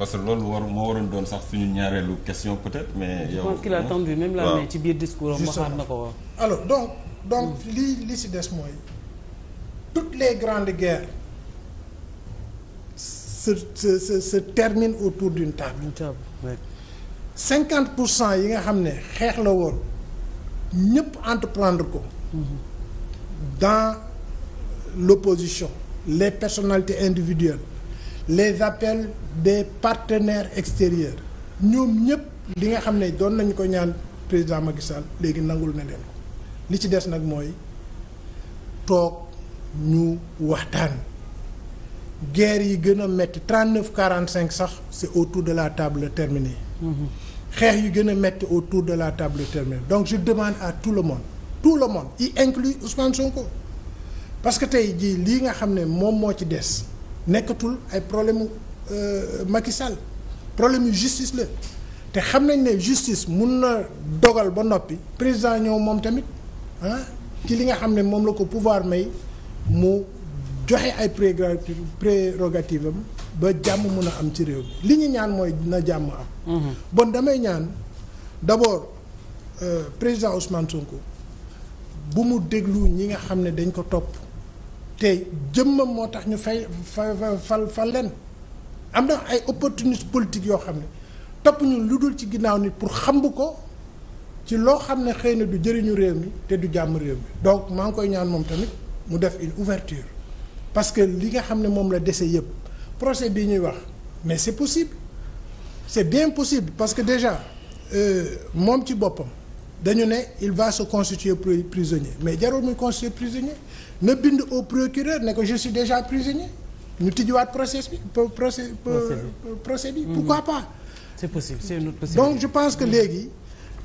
parce que loolu war moo waroon doon sax suñu ñaareelu question peut-être mais. yow je pense qu'il a attendu même mais ci biir discours am waxaat na ko waaw. alors donc donc lii li si des mooy toutes les grandes guerres se se se se terminent autour d'une table. d'une table oui. pour cent yi nga xam ne xeex la woon ñëpp entreprendre ko. Mm-hmm. dans l'opposition les personnalités individuelles. les appels des partenaire extérieurs ñoom ñëpp li nga xam ne doon nañu ko ñaan président Macky Sall léegi nangul na leen ko li ci des nag mooy toog ñu waxtaan guerre yi gën a métti 39 45 sax c'est autour de la table terminée. Mm-hmm. xeex yi gën a métti autour de la table terminée donc je demande à tout le monde tout le monde y inclut Ousmane Sonko parce que tey jii lii nga xam ne moom moo ci des. nekkatul ay problème mu euh, Macky problème yu justice la te xam nañ ne justice mun na dogal ba noppi président ñëw moom tamit ah ci li nga xam ne moom la ko pouvoir may mu joxe ay prérogative am ba jàmm mun a am ci réew li ñu ñaan mooy na jàmm am mhm. bon damay ñaan d'abord euh, président Ousmane Sonko bu mu déglu ñi nga xam ne dañ ko topp te jëmmam moo tax ñu fay fa fal fal leen am na ay opportunité politique yoo xam ne topp ñu lu dul ci ginnaaw nit pour xamb ko ci loo xam ne xëy na du jëriñu réew mi te du jàmm réew mi donc maa ngi koy ñaan moom tamit mu def une ouverture parce que li nga xam ne moom la dese yëpp procès bii ñuy wax mais c'est possible c'est bien possible parce que déjà euh, moom ci boppam dañu ne il va se constituer prisonnier mais jarul muy constituer prisonnier na bind au procureur ne ko je suis déjà prisonnier ñu tijjiwaat procès bi procé procès bi mm-hmm. pourquoi pas c'est possible c'est une autre donc je pense que léegi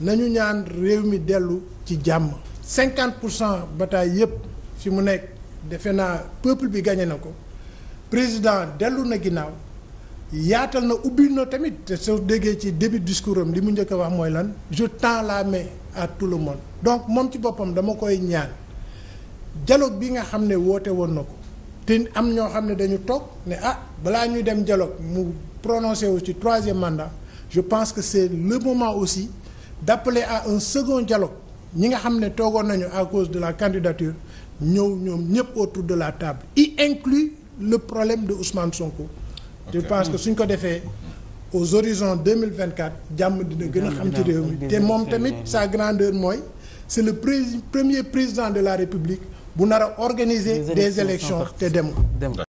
nañu ñaan réew mi dellu ci jàmm cinquante pour cent bataille yëpp fi mu nekk defe naa peuple bi gagné na ko président dellu na ginnaaw yaatal na ubbil na tamit te soo déggee ci début discours am li mu njëkk a wax mooy lan je tends la mais à tout le monde donc moom ci boppam dama koy ñaan dialogue bi nga xam ne woote woon na ko te am ñoo xam ne dañu toog ne ah balaa ñuy dem dialogue mu prononcé wu ci troisième mandat je pense que c'est le moment aussi d'appeler à un second dialogue ñi nga xam ne toogoon nañu à cause de la candidature ñëw ñoom ñëpp autour de la table y inclut le problème de Ousmane Sonko je pense que suñ ko defee aux horizons deux mille vingt quatre jàmm dina gën a xam ci réew mi te moom tamit sa grandeur mooy c' est le premier président de la république bu nar a organiser des élections te demul